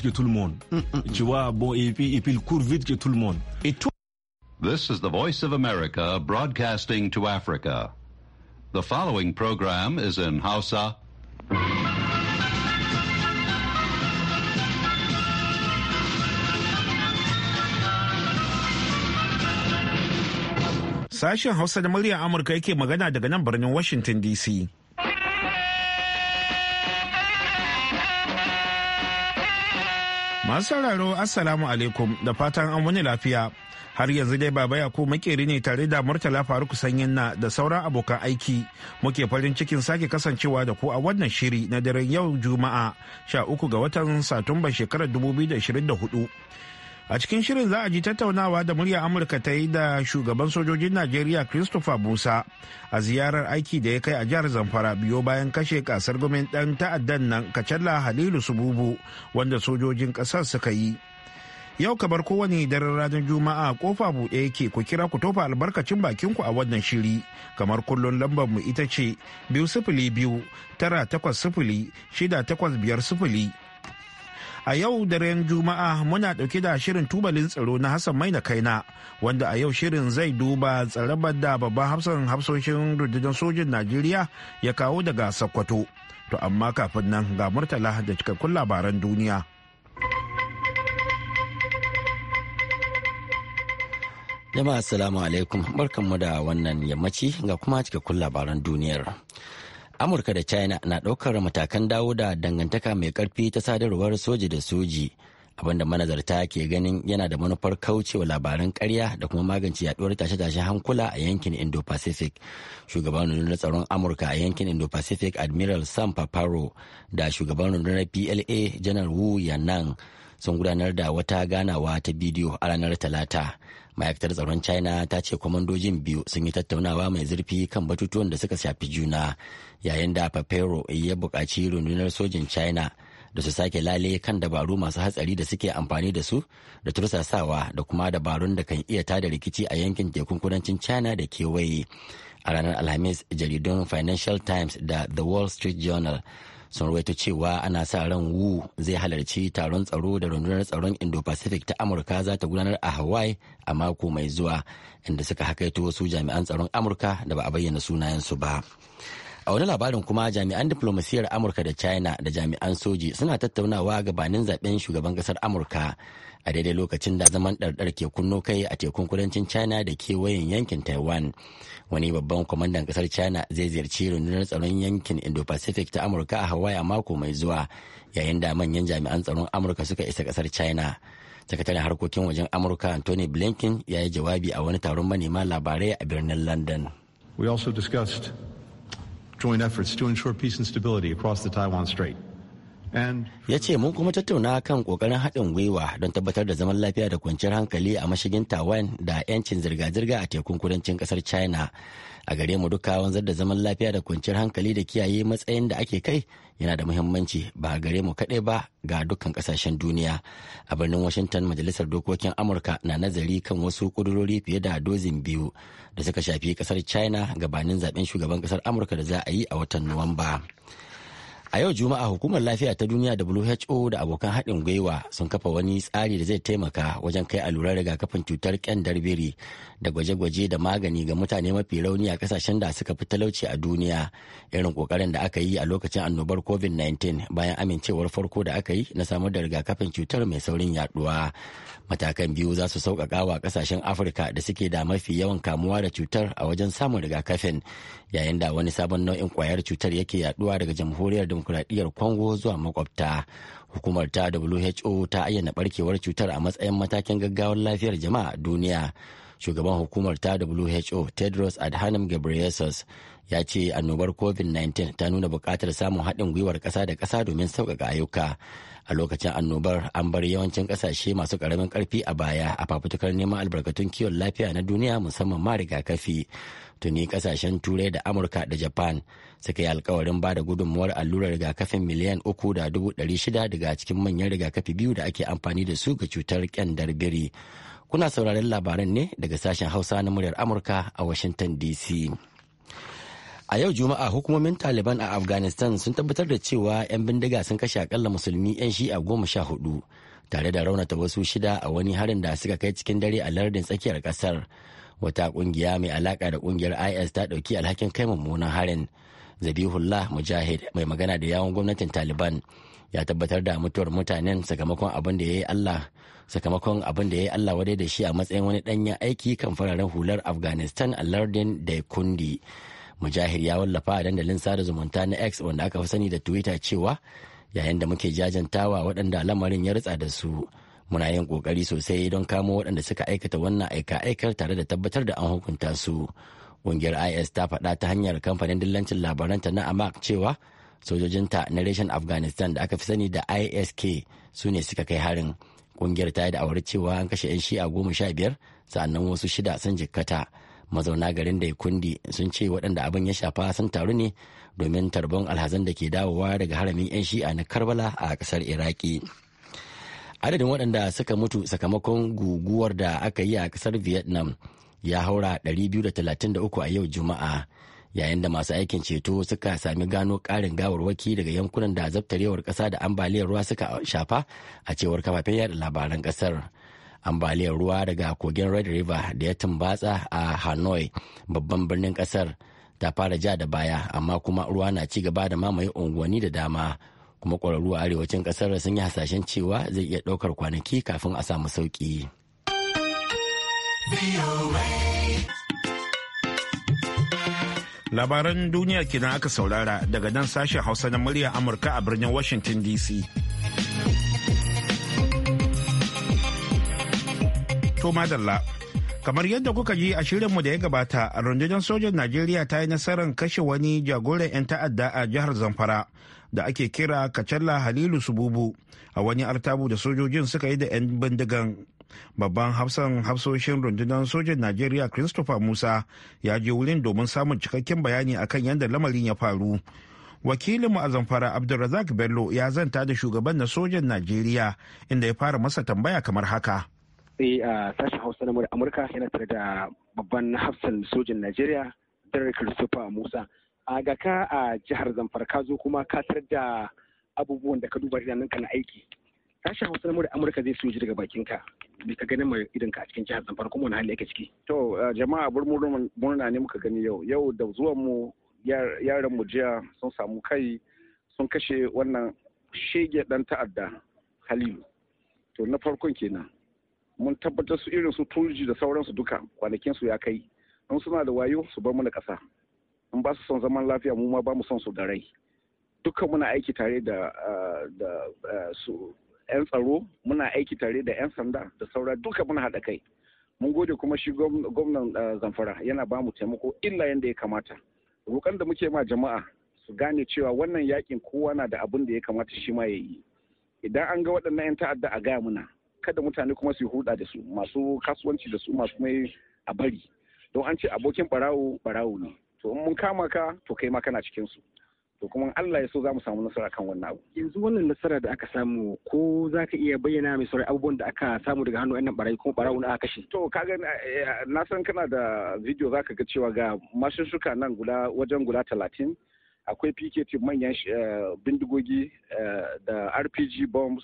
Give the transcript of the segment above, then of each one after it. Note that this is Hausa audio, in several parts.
que tout le monde. Tu vois, bon, et puis, et puis il court vite que tout le monde. Et tout... This is the Voice of America broadcasting to Africa. The following program is in Hausa. Sashen Hausa da murya Amurka yake magana daga nan birnin Washington DC. Masu sauraro Assalamu alaikum da fatan an wani lafiya. Har yanzu dai baba ya Yakubu makeri ne tare da Murtala Faruk Sanyin na da sauran abokan aiki. Muke farin cikin sake kasancewa da ku a wannan shiri na daren yau Juma'a 13 ga watan Satumba shekarar 2024. a cikin shirin za a ji tattaunawa da murya amurka ta yi da shugaban sojojin najeriya christopher busa a ziyarar aiki da ya kai a jihar zamfara biyo bayan kashe kasar gwamnan dan ta'addan nan kacalla halilu sububu wanda sojojin kasar suka yi yau ka bar kowane daren ranar juma'a kofa buɗe yake ku kira ku tofa albarkacin bakin ku a wannan shiri kamar kullun lambar mu ita ce biyu sifili biyu tara takwas sifili shida takwas biyar sifili A yau daren Juma'a muna dauke da shirin tubalin tsaro na Hassan Mai na kaina wanda a yau shirin zai duba tsarabar da babban hafsan hafsoshin rundunar sojin Najeriya ya kawo daga Sokoto. To amma kafin nan ga murtala da cikakkun labaran duniya. Jama'a assalamu alaikum barkanmu da wannan yammaci ga kuma cikakkun labaran duniyar. amurka da china na ɗaukar matakan dawo da dangantaka mai ƙarfi ta sadarwar soji da soji abinda manazarta ke ganin yana da manufar kaucewa labaran karya da kuma magance yaduwar tashe-tashen hankula a yankin indo-pacific shugaban rundunar tsaron amurka a yankin indo-pacific admiral sam paparo da shugaban rundunar pla janar wu yanang sun gudanar da wata ganawa ta bidiyo a ranar talata ma'aikatar tsaron china ta ce kwamandojin biyu sun yi tattaunawa mai zurfi kan batutuwan da suka shafi juna yayin da papero ya buƙaci rundunar sojin china da su sake lale kan dabaru masu hatsari da suke amfani da su da tursasawa da kuma dabarun da kan iya tada rikici a yankin tekun kudancin china da kewaye a ranar alhamis jaridun financial times da the wall street journal sun rawaito cewa ana sa ran wu zai halarci taron tsaro da rundunar tsaron indo-pacific ta amurka za ta gudanar a hawaii a mako mai zuwa inda suka hakaito wasu jami'an tsaron amurka da ba a bayyana sunayensu ba a wani labarin kuma jami'an diplomasiyar amurka da china da jami'an soji suna tattaunawa gabanin zaben shugaban kasar amurka a daidai lokacin da zaman ɗarɗar ke kunno kai a tekun kudancin china da kewayen yankin taiwan wani babban kwamandan ƙasar china zai ziyarci rundunar tsaron yankin indo-pacific ta amurka a hawaii a mako mai zuwa yayin da manyan jami'an tsaron amurka suka isa kasar china sakataren harkokin wajen amurka anthony blinken ya yi jawabi a wani taron manema labarai a birnin london we also discussed joint efforts to ensure peace and stability across the taiwan strait ya ce mun kuma tattauna kan kokarin haɗin gwiwa don tabbatar da zaman lafiya da kwanciyar hankali a mashigin taiwan da 'yancin zirga-zirga a tekun kudancin kasar china a gare mu duka wanzar da zaman lafiya da kwanciyar hankali da kiyaye matsayin da ake kai yana da muhimmanci ba a gare mu kaɗai ba ga dukkan ƙasashen duniya a birnin washington majalisar dokokin amurka na nazari kan wasu ƙudurori fiye da dozin biyu da suka shafi ƙasar china gabanin zaben shugaban ƙasar amurka da za a yi a watan nuwamba. A yau Juma'a hukumar lafiya ta duniya WHO da abokan haɗin gwiwa sun kafa wani tsari da zai taimaka wajen kai allurar rigakafin cutar kyandar biri da gwaje-gwaje da magani ga mutane mafi rauni a kasashen da suka fi talauci a duniya irin ƙoƙarin da aka yi a lokacin annobar COVID-19 bayan amincewar farko da aka yi na samar da rigakafin cutar mai saurin yaduwa. Matakan biyu za su sauƙaƙa wa ƙasashen Afirka da suke da mafi yawan kamuwa da cutar a wajen samun rigakafin yayin da wani sabon nau'in kwayar cutar yake yaduwa daga jamhuriyar demokuraɗiyyar congo zuwa makwabta hukumar ta who ta ayyana barkewar cutar a matsayin matakin gaggawar lafiyar jama'a a duniya shugaban hukumar ta who tedros adhanom ghebreyesus ya ce annobar covid-19 ta nuna buƙatar samun haɗin gwiwar ƙasa da ƙasa domin sauƙaƙa ayyuka a lokacin annobar an bar yawancin ƙasashe masu ƙaramin ƙarfi a baya a fafutukar neman albarkatun kiwon lafiya na duniya musamman ma rigakafi tuni kasashen turai da amurka da japan suka yi alkawarin ba da gudunmuwar allurar rigakafin miliyan uku da dubu ɗari shida daga cikin manyan rigakafi biyu da ake amfani da su ga cutar kyandar biri kuna sauraron labaran ne daga sashen hausa na muryar amurka a washington dc A yau Juma'a hukumomin Taliban a Afghanistan sun tabbatar da cewa 'yan bindiga sun kashe akalla musulmi 'yan shi'a goma sha hudu tare da raunata wasu shida a wani harin da suka kai cikin dare a lardin tsakiyar kasar wata kungiya mai alaka da kungiyar is ta dauki alhakin kai mummunan harin zabihullah mujahid mai magana da yawon gwamnatin taliban ya tabbatar da mutuwar mutanen sakamakon abin da ya yi allah sakamakon abin da ya allah wadai da shi a matsayin wani danyen aiki kan fararen hular afghanistan a lardin da kundi mujahid ya wallafa a dandalin sada zumunta na x wanda aka fi sani da twitter cewa yayin da muke jajantawa waɗanda lamarin ya rutsa da su muna yin kokari sosai don kamo waɗanda suka aikata wannan aika-aikar tare da tabbatar da an hukunta su ƙungiyar is ta faɗa ta hanyar kamfanin dillancin labaranta na amak cewa sojojinta na reshen afghanistan da aka fi sani da isk su ne suka kai harin ƙungiyar ta yi da aure cewa an kashe 'yan shi'a goma sha biyar sa'annan wasu shida sun jikkata mazauna garin da kundi sun ce waɗanda abin ya shafa sun taru ne domin tarbon alhazan da ke dawowa daga haramin 'yan shi'a na karbala a ƙasar iraki adadin waɗanda suka mutu sakamakon guguwar da aka yi a ƙasar vietnam ya haura 233 a yau juma'a yayin da masu aikin ceto suka sami gano ƙarin gawarwaki daga yankunan da zabtarewar ƙasa da ambaliyar ruwa suka shafa a cewar kafafen yada labaran ƙasar ambaliyar ruwa daga kogin red river da ya tumbatsa a hanoi babban birnin ƙasar ta fara ja da baya amma kuma ruwa na ci gaba da mamaye unguwanni da dama kuma kwararru a arewacin ƙasar sun yi hasashen cewa zai iya daukar kwanaki kafin a samu sauƙi. Labaran duniya kenan aka saurara daga nan sashen Hausa na murya Amurka a birnin Washington DC. To madalla. kamar yadda kuka ji a shirinmu da ya gabata rundunar sojan najeriya ta yi nasarar kashe wani jagoran 'yan ta'adda a jihar zamfara da ake kira kacalla halilu sububu a wani artabu da sojojin suka yi da 'yan bindigan babban hafsan hafsoshin rundunar sojan najeriya christopher musa ya je wurin domin samun cikakken bayani akan yadda lamarin ya faru wakilin mu a zamfara abdulrazak bello ya zanta da shugaban na sojan najeriya inda ya fara masa tambaya kamar haka sai a sashen hausa na amurka yana tare da babban hafsan sojan najeriya dare christopher musa a ga ka a jihar zamfara ka zo kuma ka tar da abubuwan da ka duba nan na aiki sashen hausa na Mura amurka zai soji daga bakin ka ka ganin mai irin ka a cikin jihar zamfara kuma wani hali yake ciki to jama'a bar murna ne muka gani yau yau da zuwan mu yaran mu jiya sun samu kai sun kashe wannan shege dan ta'adda halilu to na farkon kenan mun tabbatar su irin su turji da sauransu duka kwanakin su ya kai in suna da wayo su bar mu mana ƙasa in ba su son zaman lafiya mu ma ba mu son su da rai dukkan muna aiki tare da da su yan tsaro muna aiki tare da yan sanda da saura duka muna haɗa kai mun gode kuma shi gwamnan zamfara yana ba mu taimako illa yadda ya kamata roƙon da muke ma jama'a su gane cewa wannan yakin kowa na da abin da ya kamata shi ma ya yi idan an ga waɗannan 'yan ta'adda a gaya muna kada mutane kuma su hulɗa da su masu kasuwanci da su masu mai a bari don an ce abokin barawo barawo ne to in mun kama ka to kai ma kana cikin su to kuma Allah ya so za mu samu nasara kan wannan abu yanzu wannan nasara da aka samu ko za ka iya bayyana mai sauri abubuwan da aka samu daga hannun ɗan barayi kuma barawo na aka kashe to kaga eh, na san kana da video za ka ga cewa ga mashushuka nan guda wajen guda talatin akwai pkt manyan eh, bindigogi eh, da rpg bombs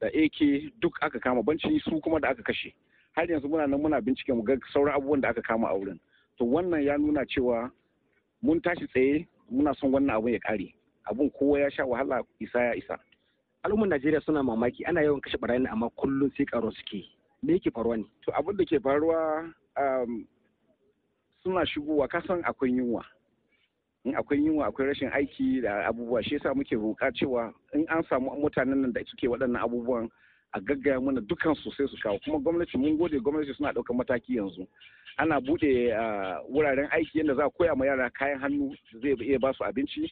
da ak duk aka kama banci su kuma da aka kashe har yanzu muna nan muna bincike mu ga sauran abubuwan da aka kama a wurin to wannan ya nuna cewa mun tashi tsaye muna son wannan abun ya kare abun kowa ya sha wahala isa ya isa al'ummar najeriya suna mamaki ana yawan kashe barayin amma kullum sai karo suke me yake faruwa ne to abin da ke faruwa um, suna shigowa kasan akwai yunwa in akwai yunwa akwai rashin aiki da abubuwa shi yasa muke roƙa cewa in an samu mutanen nan da suke waɗannan abubuwan a gaggaya mana dukan sosai su kawo kuma gwamnati mun gode gwamnati suna daukar mataki yanzu ana buɗe wuraren aiki yadda za a koya ma yara kayan hannu zai iya ba su abinci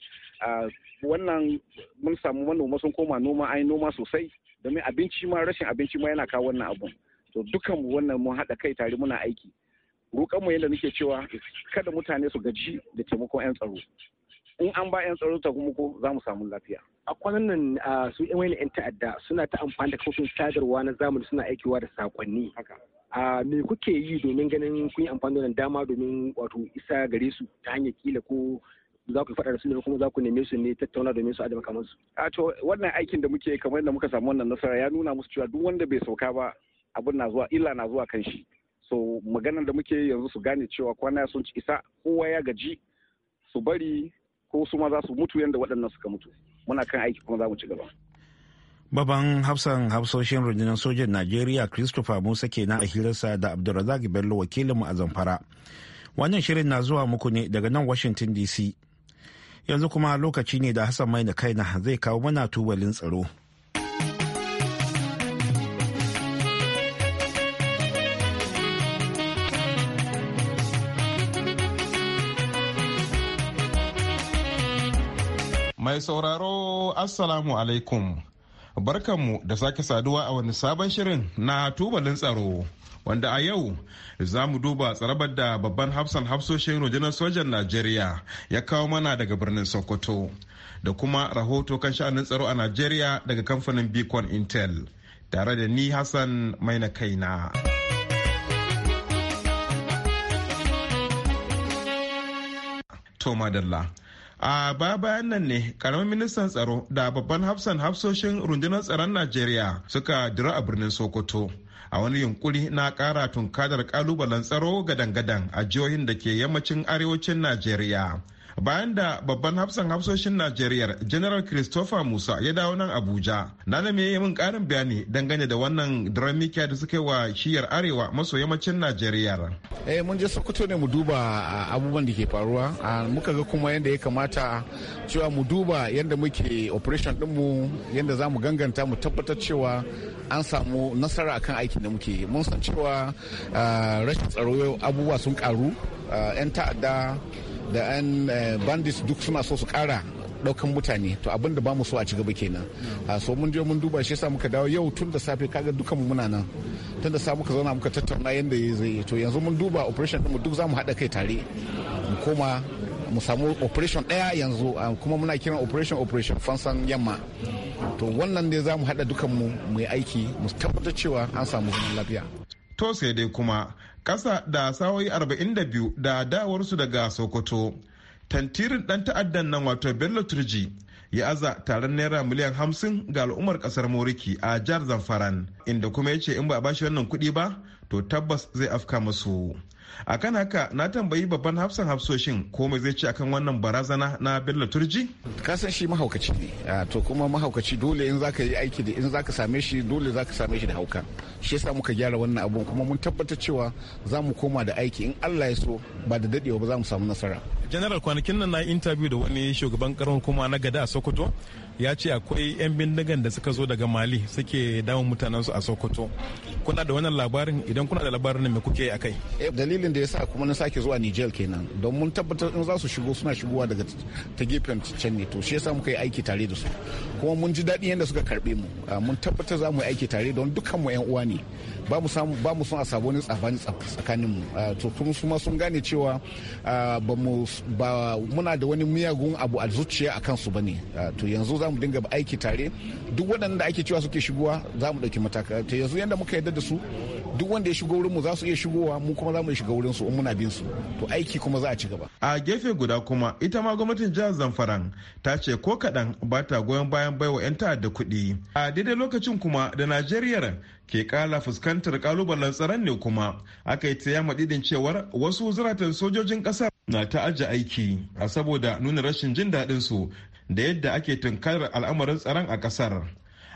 wannan mun samu manoma sun koma noma an noma sosai domin abinci ma rashin abinci ma yana kawo wannan abun to dukan wannan mun haɗa kai tare muna aiki roƙon mu yadda nake cewa kada mutane su gaji da taimakon 'yan tsaro in an ba 'yan tsaro ta kuma ko za mu samu lafiya a kwanan nan su yan wani yan ta'adda suna ta amfani da kafofin sadarwa na zamani suna aikiwa da sakonni a me kuke yi domin ganin kun yi amfani da dama domin wato isa gare su ta hanyar kila ko za ku faɗa da su ne kuma za ku neme su ne tattauna domin su adama kamar su. A to wannan aikin da muke kamar da muka samu wannan nasara ya nuna musu cewa duk wanda bai sauka ba abin na zuwa illa na zuwa kan shi. So maganar da muke yanzu su gane cewa kwana sun ci isa kowa ya gaji su bari ko su ma za su mutu yadda waɗannan suka mutu. muna kan aiki kuma za mu ci gaba Baban hafsan hafsoshin rundunar sojan Najeriya Christopher Musa kenan a hirarsa da Abdulrazak Bello wakilin mu a Zamfara. Wannan shirin na zuwa muku ne daga nan Washington DC. Yanzu kuma lokaci ne da Hassan Mai na kaina zai kawo mana tubalin tsaro. Mai sauraro Assalamu alaikum. Barkanmu da sake saduwa a wani sabon shirin na tubalin tsaro. Wanda a yau za mu duba tsarabar da babban hafsan hafsoshin rundunar sojan Najeriya ya kawo mana daga birnin Sokoto da kuma rahoto kan sha'anin tsaro a Najeriya daga kamfanin Beacon Intel. Tare da ni Hassan mai na kaina. to madalla a ba bayan nan ne karamin ministan tsaro da babban hafsan hafsoshin rundunar tsaron najeriya suka dira a birnin sokoto a wani yunkuri na kara tunkadar kalubalen tsaro gadan-gadan a jihohin da ke yammacin arewacin najeriya bayan da babban hafsan hafsoshin najeriya general christopher musa ya dawo nan abuja na da yi min karin bayani dangane da wannan dramikiya da suka yi wa shiyar arewa maso yammacin najeriya eh mun je sokoto ne mu duba abubuwan da ke faruwa muka ga kuma yadda ya kamata cewa mu duba yadda muke operation din mu yadda za mu ganganta mu tabbatar cewa an samu nasara akan aikin da muke mun san cewa rashin tsaro abubuwa sun karu 'yan ta'adda da 'yan eh, bandits duk suna so su kara daukan mutane to abin da ba mu so a ci gaba kenan mm. a ah, so mun je mun duba shi yasa muka dawo yau tun da safe kaga dukan mu muna nan tun da safe muka zauna muka tattauna yanda zai to yanzu mun duba operation din mu duk zamu hada kai tare mu koma mu samu operation daya yanzu ah, kuma muna kiran operation operation fansan yamma to wannan ne zamu hada dukan mu mu yi aiki mu tabbatar cewa an samu zaman lafiya to sai dai kuma kasa da sawoyi 42 da dawarsu daga sokoto tantirin dan ta'addan nan wato bello turji ya aza taron naira miliyan 50 ga al'ummar kasar moriki a jihar zamfaran inda kuma ya ce in ba a bashi wannan kuɗi ba to tabbas zai afka musu akan haka na tambayi babban hafsan hafsoshin komai zai ce akan wannan barazana na bello turji kasan shi mahaukaci ne ah, to kuma mahaukaci dole in zaka yi aiki da in zaka same shi dole zaka same shi da hauka shi yasa muka gyara wannan abu kuma mun tabbatar cewa za mu koma da aiki in Allah ya so ba da dadewa ba za mu samu nasara general kwanakin nan na interview da wani shugaban karon kuma na gada a Sokoto ya ce akwai 'yan bindigan da suka zo daga mali suke damun mutanensu a sokoto kuna da wannan labarin idan kuna da labarin nan me kuke a kai eh, dalilin da ya sa kuma na sake zuwa niger kenan don mun tabbatar in za su shigo suna shigowa daga ta gefen can ne to shi yasa muka yi aiki tare da su kuma mun ji daɗin yadda suka karɓe mu ah, mun tabbatar za mu yi aiki tare don dukkan mu 'yan uwa ne ba mu samu ba mu son a tsafani tsakanin mu ah, to kuma su ma sun gane cewa ah, ba muna da wani miyagun abu a zuciya akan su bane to yanzu za mu dinga aiki tare duk waɗanda ake cewa suke shigowa za mu ɗauki ta yanzu yadda muka yarda da su duk wanda ya shigo wurinmu za su iya shigowa mu kuma za mu shiga wurin su in muna bin su to aiki kuma za a ci gaba a gefe guda kuma ita ma gwamnatin jihar zamfaran ta ce ko kaɗan ba ta goyon bayan baiwa 'yan ta'adda kuɗi a daidai lokacin kuma da najeriya ke kala fuskantar kalubalen tsaron ne kuma aka yi ta madidin cewar wasu zuratan sojojin ƙasar na ta aji aiki a saboda nuna rashin jin daɗin su da yadda ake tunkarar al'amarin tsaron a kasar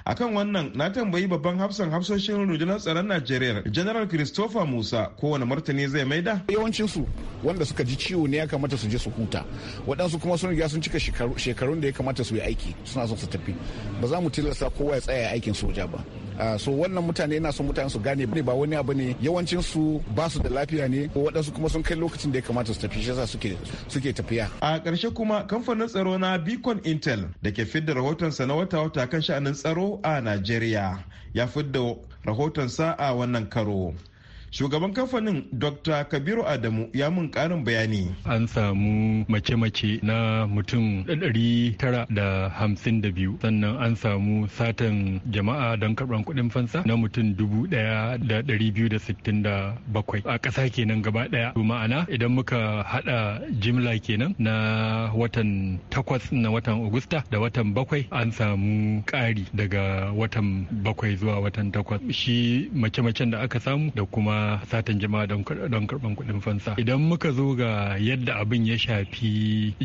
akan wannan na tambayi babban hafsan hafsoshin rundunar tsaron najeriya general christopher musa kowane martani zai maida yawancinsu wanda suka ji ciwo ne ya kamata su je su huta waɗansu kuma sun riga sun cika shekarun da ya kamata su yi aiki suna son su tafi ba za mu tilasta kowa ya tsaya aikin soja ba Ah, so wannan mutane yana son mutane su gane ba wani abu ne yawancin su ba su da lafiya ne ko waɗansu kuma sun kai lokacin da ya kamata su tafi shi yasa suke suke tafiya a ƙarshe kuma kamfanin tsaro na Beacon Intel da ke fidda rahotonsa na wata-wata kan sha'anin tsaro a Najeriya ya fidda rahotonsa a wannan karo shugaban kamfanin dr kabiru adamu ya mun karin bayani an samu mace-mace na mutum 952 sannan an samu satan jama'a don karɓar kuɗin fansa na mutum 1,267 a ƙasa kenan gaba ɗaya to ma'ana idan muka haɗa jimla kenan na watan takwas na watan augusta da watan bakwai an samu ƙari daga watan bakwai zuwa watan takwas shi mace-macen da aka samu da kuma satan jama'a don karɓan kuɗin fansa idan muka zo ga yadda abin ya shafi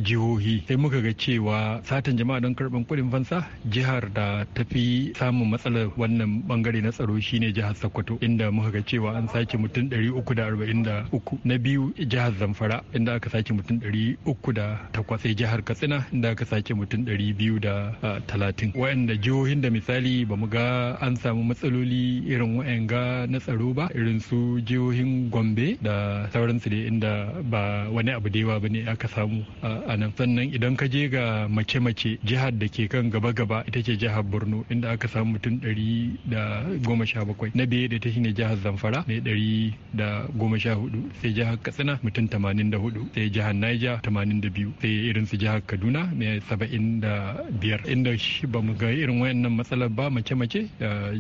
jihohi sai muka ga cewa satan jama'a don karɓan kuɗin fansa jihar da ta fi samun matsalar wannan bangare na tsaro shine jihar sokoto inda muka ga cewa an sace mutum 343 na biyu jihar zamfara inda aka sace mutum 308 sai jihar katsina inda aka sace mutum 230 waɗanda jihohin da misali ba mu ga an samu matsaloli irin waɗanga na tsaro ba irin su jihohin gombe da sauransu da inda ba wani abu da yawa bane aka samu a nan sannan idan ka je ga mace-mace jihar da ke kan gaba-gaba ita ce jihar borno inda aka samu mutum dari da goma sha bakwai na biye da ta shine jihar zamfara mai dari da goma sha hudu sai jihar katsina mutum tamanin da hudu sai jihar naija tamanin da biyu sai irin su jihar kaduna mai saba'in da biyar inda ba mu ga irin wayannan matsalar ba mace-mace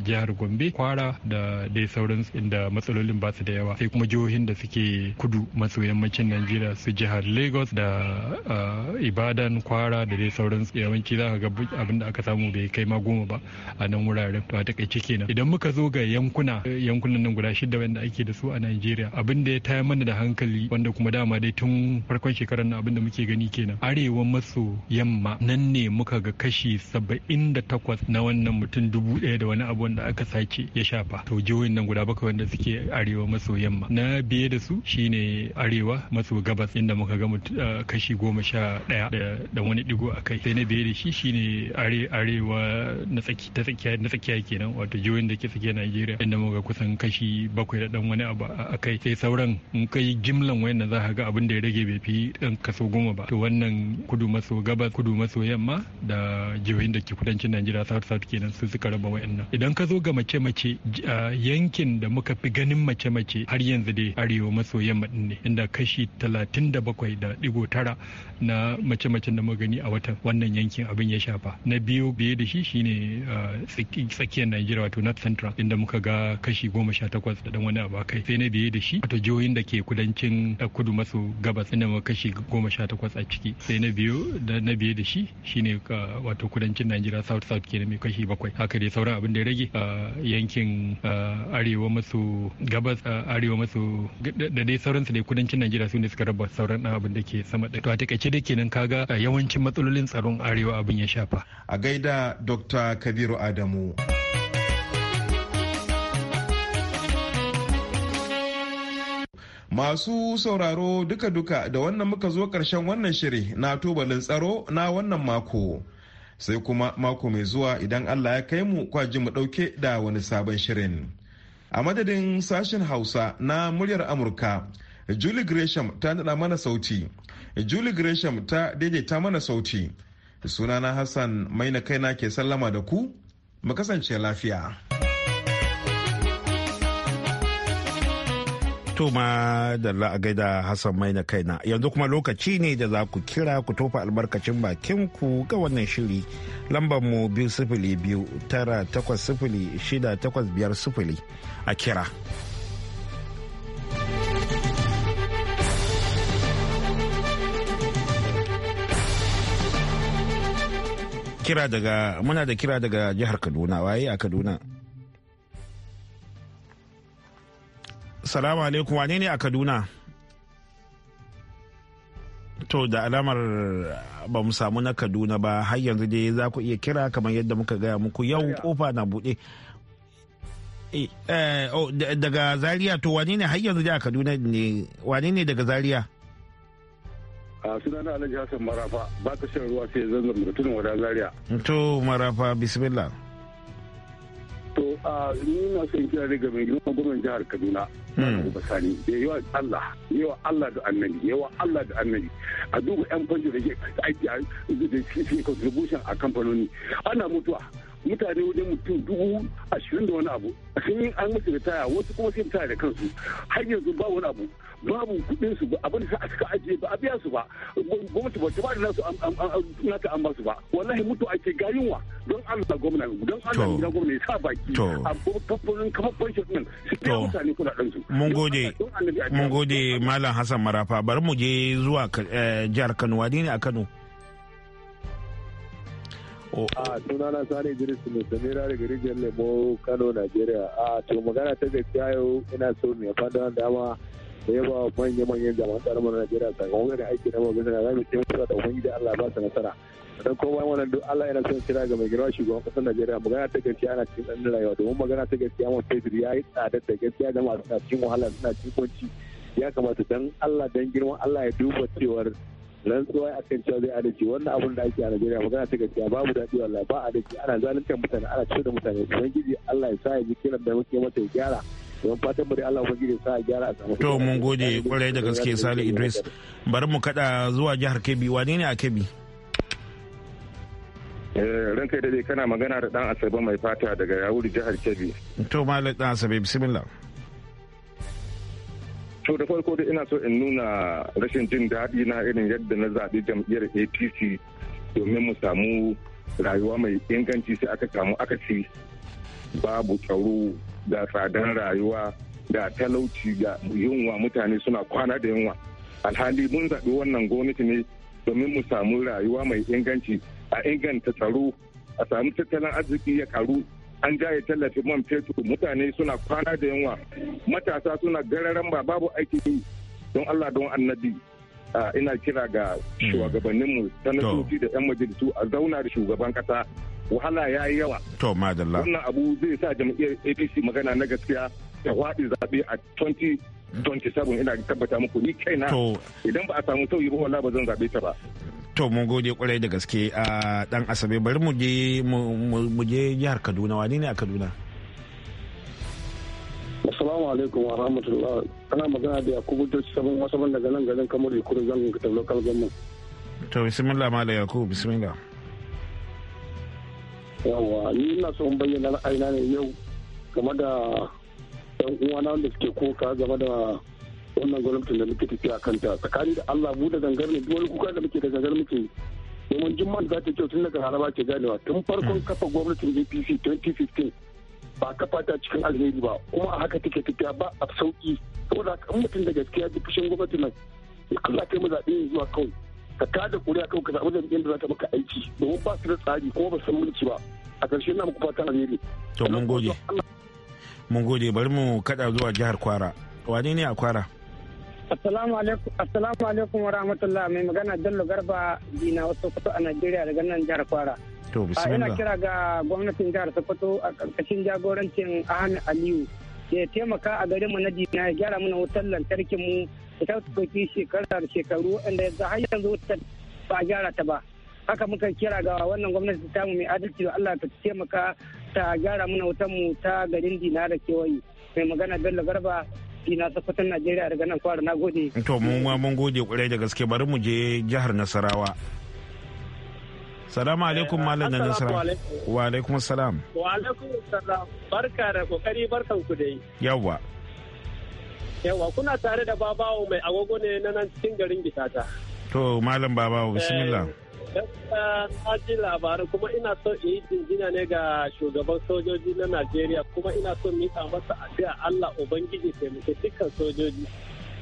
jihar gombe kwara da dai sauransu inda matsalolin jihohin ba su da yawa sai kuma jihohin da suke kudu maso yammacin najeriya su jihar lagos da eh, ibadan kwara da dai sauran yawanci za ka ga abin da aka samu bai kai ma goma ba a nan wuraren to a takaice kenan idan muka zo ga yankuna yankunan nan guda shida wanda ake da su a najeriya abin da ya taya mana da hankali wanda kuma dama dai tun farkon shekarar nan abin da muke gani kenan arewa maso yamma nan ne muka ga kashi saba'in da takwas na wannan mutum dubu ɗaya da wani abu wanda aka sace ya shafa to jihohin nan guda bakwai wanda suke arewa maso yamma na biye da su shine arewa maso gabas inda muka ga eh, kashi goma sha ɗaya da wani digo a kai sai na biye da shi shine arewa na tsakiya kenan wato jihohin da ke tsakiya najeriya inda muka kusan kashi bakwai da dan wani abu a kai sai sauran in kai jimlan wayannan za ka ga abin da ya rage bai fi dan kaso goma ba to wannan kudu maso gabas kudu maso yamma da jihohin da ke kudancin najeriya south south kenan su suka raba wayannan idan ka zo ga mace mace yankin da muka fi ganin mace-mace har yanzu dai arewa maso yamma din ne inda kashi talatin da bakwai da tara na mace-macen da magani a watan wannan yankin abin ya shafa na biyu biye da shi shine ah, tsakiyar najeriya wato north central inda muka ga kashi goma sha takwas da dan wani abu kai sai na biye da shi wato jihohin da ke kudancin ah, kudu maso gabas inda muka kashi goma sha takwas a ciki sai na biyu da na biye da shi shine ah, wato kudancin najeriya south south kenan mai kashi bakwai haka dai sauran abin da ya rage yankin arewa maso gabas raba arewa maso da dai sauransu da kudancin najeriya su ne suka raba sauran ah, abin da ke sama da a takaice da kenan kaga ah, yawancin matsalolin tsaron arewa abin ya shafa a gaida dr kabiru adamu Masu sauraro duka-duka da wannan muka zo ƙarshen wannan shiri na tubalin tsaro na wannan mako. Sai kuma mako mai zuwa idan Allah ya kai mu kwaji mu ɗauke da wani sabon shirin. a madadin sashen hausa na muryar amurka julie gresham ta nada mana sauti julie gresham ta daidaita mana sauti sunana hassan maina kaina ke sallama da ku mu kasance lafiya da ma da Hassan mai na kaina yanzu kuma lokaci ne da za ku kira ku tofa albarkacin bakin ku ga wannan shiri lambar mu biyu sifili biyu tara takwas sifili shida takwas biyar sifili a kira. Kira daga muna da kira daga jihar Kaduna waye a Kaduna. Salamu alaikum wane ne a Kaduna? To da alamar ba mu samu na Kaduna ba har yanzu dai za ku iya kira kamar yadda muka gaya muku yau kofa na buɗe. Eh, eh, oh, daga Zaria to wane ne har yanzu dai a Kaduna ne wane ne daga Zaria? a sunana Alhaji Hassan Marafa ba ta shan ruwa sai zanzan mutumin wada Zaria. To Marafa bismillah. to a ni son kira daga mai girma gwamnan jihar kaduna hmm. ba sani da yawa allah yawa allah da annabi yawa allah da annabi a duba yan fanjo da ke aiki a da cikin contribution a kamfanoni ana mutuwa mutane wajen mutum dubu ashirin da wani abu sun yi an musu ritaya wasu kuma sai ritaya da kansu har yanzu ba wani abu babu kudin su abin da aka ajiye ba a biya su ba gwamnati ba ta ba da nasu nata an basu ba wallahi mutu ake gayinwa don Allah gwamna don Allah gidan gwamna ya sa baki a kamfanin kamar pension din su ke mutane kuɗaɗen su mun gode mun gode malam Hassan Marafa bari mu je zuwa eh, jihar Kano wadi ne a Kano a ah, sunana sani idris mai samira daga rijiyar lemo kano nigeria a ah, to magana ta gaskiya yau ina so mai fadon dama da yaba manyan manyan jami'an tsarin mana Najeriya sakamakon wani da aiki na mabiya na zamu ce mutuwa da ubangiji Allah ba su nasara dan kuma bayan wannan duk Allah yana son kira ga mai girma shugaban kasar Najeriya magana ta gaskiya ana cikin ɗan rayuwa domin magana ta gaskiya mun fetur ya yi tsada da gaskiya da masu suna cikin wahala suna cikin kunci ya kamata dan Allah dan girman Allah ya duba cewar rantsuwa a kan cewa zai adalci wannan abun da ake a Najeriya magana ta gaskiya babu daɗi wallahi ba adalci ana zaluntar mutane ana ciwo da mutane ubangiji Allah ya sa ya ji kiran da muke mata ya gyara don fatan bari Allah ubangiji sa gyara a samu to mun gode kwarai da gaske Sale Idris bari mu kada zuwa jihar Kebbi wane ne a Kebbi eh, ranka da dai kana magana da dan asabe mai fata daga yawuri jihar Kebbi to malam dan asabe bismillah to da farko da ina so in nuna rashin jin daɗi na irin yadda na zaɓi jam'iyyar apc domin mu samu rayuwa mai inganci sai aka samu ci babu tsaro da tsadar rayuwa da talauci ga yunwa mutane suna kwana da yunwa alhali mun zaɓi wannan gwamnati ne domin mu samu rayuwa mai inganci a inganta tsaro a samu tattalin arziki ya karu an jaye tallafi man fetur mutane suna kwana da yunwa matasa suna gararan ba babu aiki don allah don annabi ina kira ga shugabanninmu hmm. sanatoci da 'yan majalisu a zauna da shugaban kasa wahala ya yi yawa. To madalla. Wannan abu zai sa jam'iyyar APC magana na gaskiya ta waɗi zaɓe a 2027 ina tabbata muku ni kaina idan ba a samu sauyi ba wala ba zan zaɓe ta ba. To mun gode kwarai da gaske a ɗan Asabe bari mu je jihar Kaduna wani ne a Kaduna? Assalamu alaikum wa rahmatullah. Ana magana da Yakubu Josh saban wasu ban daga nan garin Kamar Ikuru zangon ka tablo kalgan mu. To bismillah Malam Yakubu bismillah. Yawa ni ina so in bayyana ra'ayina ne yau game da yan uwana wanda suke koka game da wannan gwamnatin da muke tafiya kan ta tsakani da Allah bude gangar ne duk wani kuka da muke da gangar muke domin jimman za ta kyau tun daga haraba ke ganewa tun farkon hmm. kafa gwamnatin APC 2015 ba ka fata cikin alheri ba kuma a haka take tafiya ba a sauki saboda kan mutum da gaskiya duk fushin gwamnati nan Allah kai mu zaɓe zuwa kawai ka kada a kawai ka zaɓi jam'iyyar da za ta maka aiki domin ba su da tsari kuma ba san mulki ba a ƙarshe na muku fata alheri. to mun gode mun gode bari mu kada zuwa jihar kwara wane ne a kwara. Assalamu alaikum wa rahmatullah mai magana Bello Garba Dina wasu kutu a Najeriya daga nan jihar Kwara. To ah, bismillah. Ina kira ga gwamnatin jihar Sokoto a karkashin jagorancin Ahmed Aliyu ya taimaka a garin mu na Dina ya gyara mana wutar lantarkin mu ta ɗauki shekara shekaru inda yanzu har yanzu wutar ba a gyara ta ba. Haka muka kira ga wannan gwamnati ta mu mai adalci da Allah ta taimaka ta gyara mana wutar mu ta garin Dina da kewayi Mai magana Bello Garba na sokoton Najeriya daga nan kwara na gode. To mu ma mun gode kwarai da gaske bari mu je jihar Nasarawa. Salamu alaikum Malam da Nasara. Wa alaikum salam. Wa alaikum salam. Barka da kokari barkan ku dai. Yawwa. Yawwa kuna tare da babawo mai agogo ne na nan cikin garin Gitata. To Malam babawo bismillah. Eh, na ji labarin kuma ina so in yi jinjina ne ga shugaban sojoji na Najeriya kuma ina so yi masa addu'a Allah Ubangiji taimake dukkan sojoji.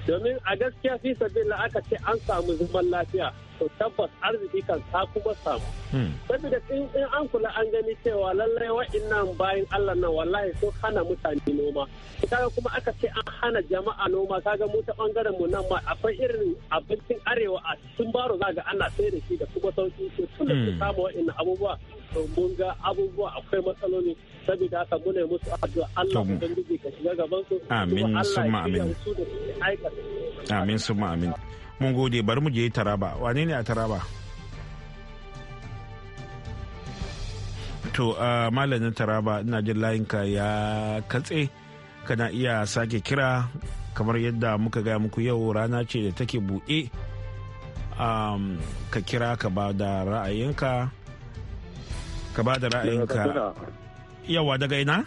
Domin a gaskiya fi sabbin aka ce an samu zaman lafiya. to tabbas arziki kan sa kuma samu. Hmm. Saboda in an kula an gani cewa lallai wa'innan bayan Allah nan wallahi sun hana mutane noma. Kaga kuma aka ce an hana jama'a noma kaga mu ta bangaren mu nan ma akwai irin abincin arewa a cikin baro za ga ana sai da shi da kuma sauki to tun da su hmm. samu wa'innan abubuwa to mun ga abubuwa akwai matsaloli saboda haka muna musu addu'a Allah ubangiji ka shiga gaban su. Amin summa amin. Amin summa amin. Mun gode bari mu je Taraba. Wane ne a Taraba? To a malamin Taraba ina jin layinka ya katse kana iya sake kira kamar yadda muka gaya muku yau rana ce da take buɗe ka kira ka ba da ra'ayinka ka ba da ra'ayinka yawa daga ina?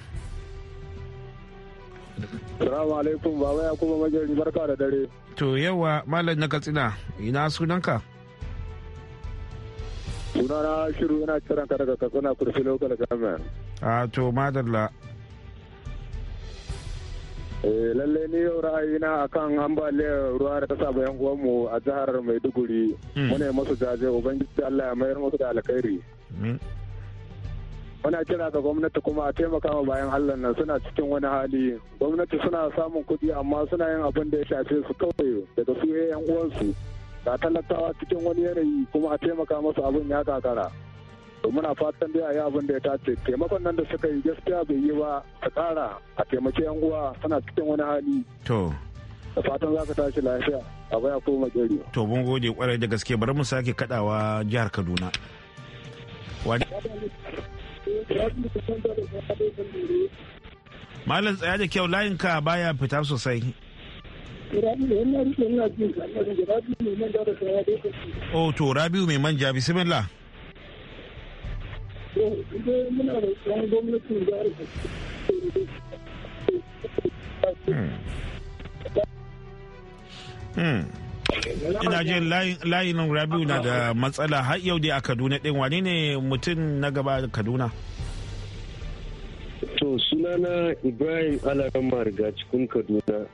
Salamu alaikum baba ya kuma majari barka da dare. To yawa malam na Katsina ina sunanka? na shiru yana kiran ka daga Katsina kurfi local government. A to madalla. Eh lalle ni yau ra'ayina akan ambaliyar ruwa da ta saba yan uwanmu a jihar Maiduguri. Hmm. ne masu jaje ubangiji Allah ya mayar musu da alkhairi. Hmm. muna kira ga gwamnati kuma a taimaka ma bayan allah nan suna cikin wani hali gwamnati suna samun kuɗi amma suna yin abin da ya shafe su kawai daga su yan uwansu ga talakawa cikin wani yanayi kuma a taimaka masu abin ya kakara muna fatan dai a yi abin da ya tace taimakon nan da suka yi gaskiya bai yi ba a kara a taimaki yan uwa suna cikin wani hali to da fatan za ka tashi lafiya a baya ko makeri to mun gode kwarai da gaske bari mu sake kadawa jihar kaduna Malam tsaya da kyau layin ka baya fita sosai. O to Rabiu mai manja bismillah. Hmm. Hmm. ina jin layin rabiu na da matsala har yau dai a kaduna din wani ne mutum na gaba kaduna to sunana ibrahim alaran mariga cikin kaduna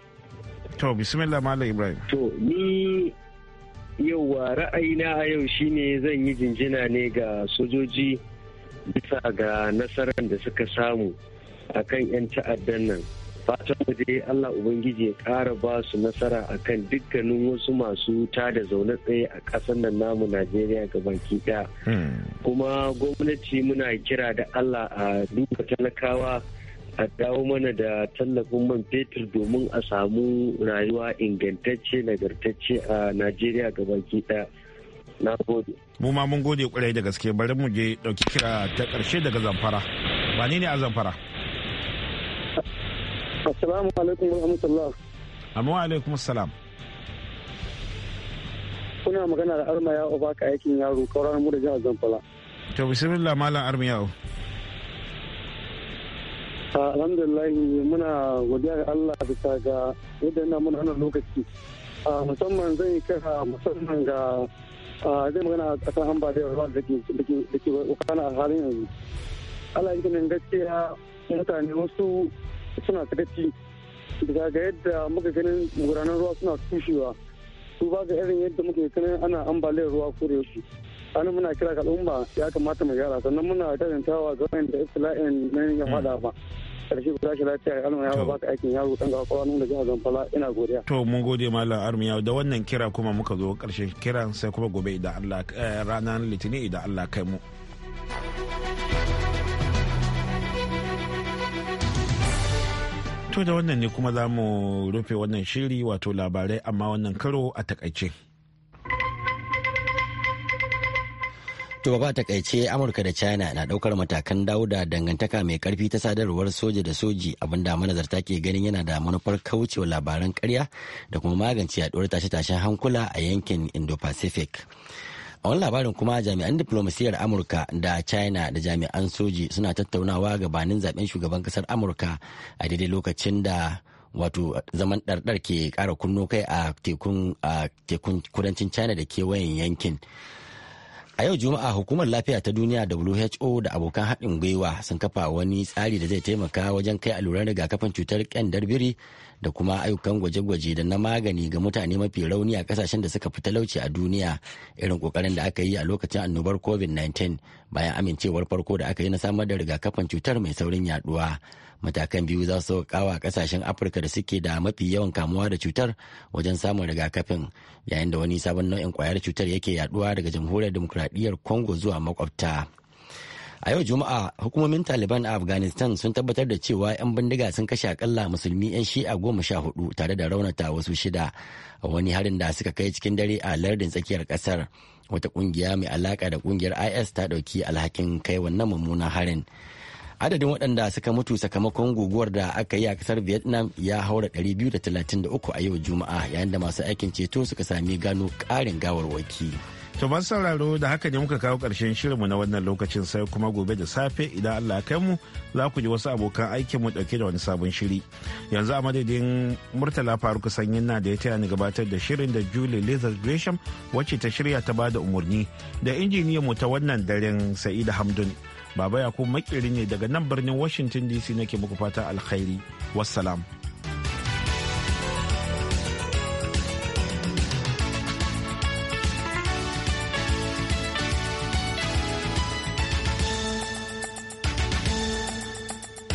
to bismillah malam ibrahim to ni yauwa ra'ayina a yau shine zan yi jinjina ne ga sojoji bisa ga nasarar da suka samu akan 'yan ta'addan nan fatan waje Allah ubangiji ya ƙara ba su nasara akan dukkanin wasu masu ta da zaune tsaye a ƙasar nan namu Najeriya baki ɗaya hmm. kuma gwamnati muna kira da Allah a duka talakawa a dawo mana da tallafin man fetur domin a samu rayuwa ingantacce nagartacce a najeriya baki daya na gode mu ma mun gode kwarai da gaske bari mu je ɗauki kira ta karshe daga zamfara ba ne a zamfara السلام عليكم ورحمة الله أم عليكم السلام كنا مغنى الأرمى يا أباك أيكين يا أبو كوران مرجع الزنفلا تو طيب، بسم الله مالا أرمى يا آه، الحمد لله منا وديع الله بس هذا من أنا لوكتي آه، مسمى زي كذا مسمى آه، زي مغنى أتفهم بعد الرجال ذكي ذكي ذكي وكان حالين الله يمكن أن يكتيها مثلا يوسف suna tafi bisa ga yadda muka ganin guranan ruwa suna tushewa su ba ga irin yadda muke ganin ana ambaliyar ruwa ko da yaushe ana muna kira al'umma ya kamata mu gyara sannan muna karantawa ga da isla'in na yin faɗa ba karshe ku tashi lafiya alma ba ka aikin yaro dan ga kwanu da jihar Zamfara ina godiya to mun gode malam armi da wannan kira kuma muka zo karshen kiran sai kuma gobe idan Allah eh, ranar litinin idan Allah kai mu To da wannan ne kuma za mu rufe wannan shiri wato labarai amma wannan karo a takaice. To ba takaice Amurka da China na daukar matakan dawo da dangantaka mai karfi ta sadarwar soja da soji da manazarta ke ganin yana da manufar kaucewa labaran karya da kuma magance yaduwar tashe-tashen hankula a yankin Indo-Pacific. a wani labarin kuma jami'an diplomasiyyar amurka da china da jami'an soji suna tattaunawa gabanin zaben shugaban kasar amurka a daidai lokacin da wato zaman ɗarɗar ke ƙara kunno kai a tekun kudancin china da kewayen yankin A yau Juma'a hukumar lafiya ta duniya WHO da abokan haɗin gwiwa sun kafa wani tsari da zai taimaka wajen kai alluran rigakafin cutar kyandar biri da kuma ayyukan gwaje-gwaje da na magani ga mutane mafi rauni a kasashen da suka fi talauci a duniya irin kokarin da aka yi a lokacin annobar COVID-19 bayan amincewar farko da aka yi na samar da rigakafin cutar mai saurin yaduwa. matakan biyu za su kawa kasashen afirka da suke da mafi yawan kamuwa da cutar wajen samun rigakafin yayin da wani sabon nau'in kwayar cutar yake yaduwa daga jamhuriyar demokuraɗiyyar congo zuwa makwabta a yau juma'a hukumomin taliban a afghanistan sun tabbatar da cewa 'yan bindiga sun kashe akalla musulmi 'yan shi'a goma sha hudu tare da raunata wasu shida a wani harin da suka kai cikin dare a lardin tsakiyar kasar wata kungiya mai alaka da kungiyar is ta dauki alhakin kai wannan mummunan harin adadin waɗanda suka mutu sakamakon guguwar da aka yi a kasar vietnam ya haura 233 a yau juma'a yayin da masu aikin ceto suka sami gano ƙarin gawarwaki to masu sauraro da haka ne muka kawo ƙarshen shirinmu na wannan lokacin sai kuma gobe da safe idan allah kai mu za ku ji wasu abokan mu ɗauke da wani sabon shiri yanzu a madadin murtala faruk sanyin na da ya taya ni gabatar da shirin da julie lizard gresham wacce ta shirya ta bada umarni da injiniyan mu ta wannan daren sa'ida hamdun Baba Yakubu makirin ne daga nan birnin Washington DC nake muku fata alkhairi. Wassalam.